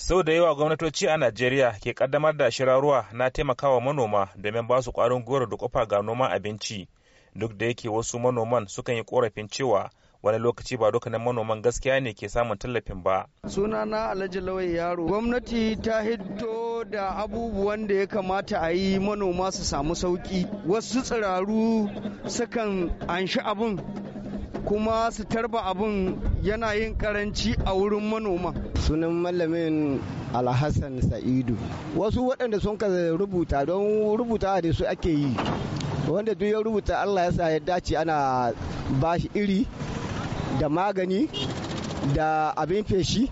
sau da yawa gwamnatoci a najeriya ke kaddamar da shirarwa na taimakawa manoma domin ba su kwarin gwiwar da kofa ga noman abinci duk da yake wasu manoman sukan yi korafin cewa wani lokaci ba dukkanin manoman gaskiya ne ke samun tallafin ba. sunana alhaji lawai yaro gwamnati ta hito da abubuwan da ya kamata a yi manoma su samu sauki wasu tsiraru sukan anshi abun kuma su tarba abun yana yin karanci a wurin manoma sunan mallamin alhassan sa'idu wasu waɗanda sun ka rubuta don rubuta da su ake yi wanda duk ya rubuta allah ya sa ya dace ana bashi iri da magani da abin feshi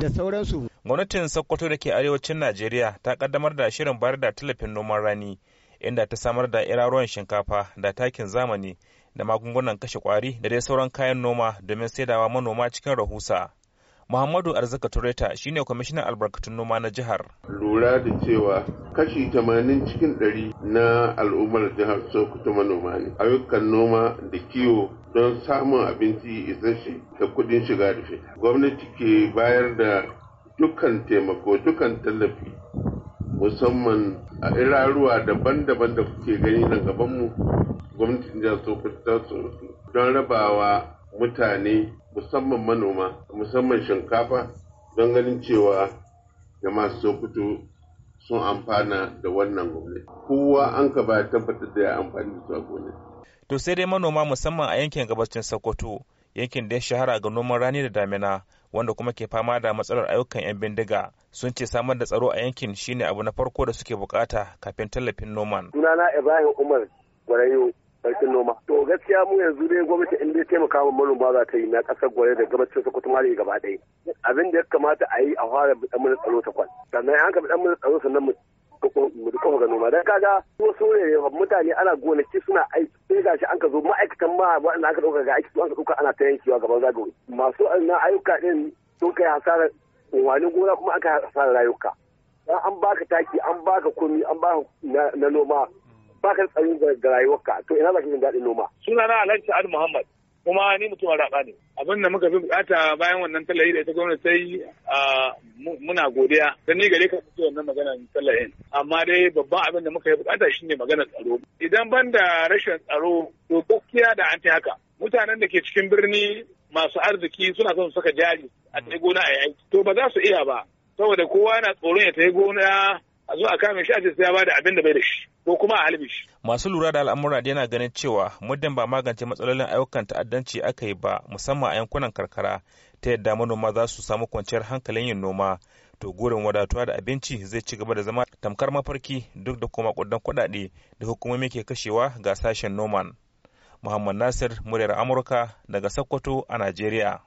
da sauransu gwamnatin sokoto da ke arewacin najeriya ta kaddamar da shirin bayar da tallafin noman rani inda ta samar da iraruwan shinkafa da takin zamani da magungunan kashe kwari da dai sauran kayan noma domin saidawa manoma cikin rahusa. Muhammadu Arzika Tureta shine kwamishinan albarkatun noma na jihar. Lura da cewa kashi tamanin cikin ɗari na al'ummar jihar Sokoto manoma ne. Ayyukan noma da kiwo don samun abinci isasshe da kuɗin shiga da fita. Gwamnati ke bayar da dukkan taimako, dukkan tallafi musamman a iraruwa daban-daban da kuke gani nan gabanmu gwamnatin jihar Sokoto ta tsoro don rabawa mutane musamman manoma musamman shinkafa don ganin cewa jama'a Sokoto sun amfana da wannan gwamnati. Kowa an ka ba tabbatar da ya amfani da su a To sai dai manoma musamman a yankin gabashin Sokoto yankin da ya shahara ga noman rani da damina wanda kuma ke fama da matsalar ayyukan 'yan bindiga sun ce samar da tsaro a yankin shine abu na farko da suke bukata kafin tallafin noman. Sunana Ibrahim Umar Gwarayo sarkin noma to gaskiya mu yanzu dai gwamnati in dai taimaka wa manoma za ta yi na kasar gwale da gabacin kuma mali gaba ɗaya abin da ya kamata a yi a fara bi dan tsaro ta kwal sannan an ka bi dan tsaro sannan mu mu duka ga noma dan kaga sore ne mutane ana gonaki suna aiki sai gashi an ka zo ma'aikatan ma waɗanda aka dauka ga aiki su an ka dauka ana ta yankewa gaban zagaye masu na ayyuka din to kai hasara wani gona kuma aka hasara rayuka an baka taki an baka komi an baka na noma ba ka tsaro ga rayuwarka to ina zaka ka jin daɗin noma. suna na alhaji sa'ad muhammad kuma ni mutum raɓa ne abin da muka fi bukata bayan wannan talayi da ita gwamnati sai muna godiya dan ni gare ka fito wannan magana tallafin amma dai babban abin da muka yi bukata shine magana tsaro idan ban da rashin tsaro to gaskiya da an ta haka mutanen da ke cikin birni masu arziki suna son saka jari a tsaye gona a yi to ba za su iya ba saboda kowa yana tsoron ya tsaye gona a zo a kame shi a sai ya bada abin da bai da shi ko kuma a halbe shi. Masu lura da al'amura da yana ganin cewa muddin ba magance matsalolin ayyukan ta'addanci aka yi ba musamman a yankunan karkara ta yadda manoma za su samu kwanciyar hankalin yin noma to gurin wadatuwa da abinci zai ci gaba da zama tamkar mafarki duk da kuma kudan kuɗaɗe da hukumomi ke kashewa ga sashen noman. Muhammad Nasir, muryar Amurka daga Sokoto a Najeriya.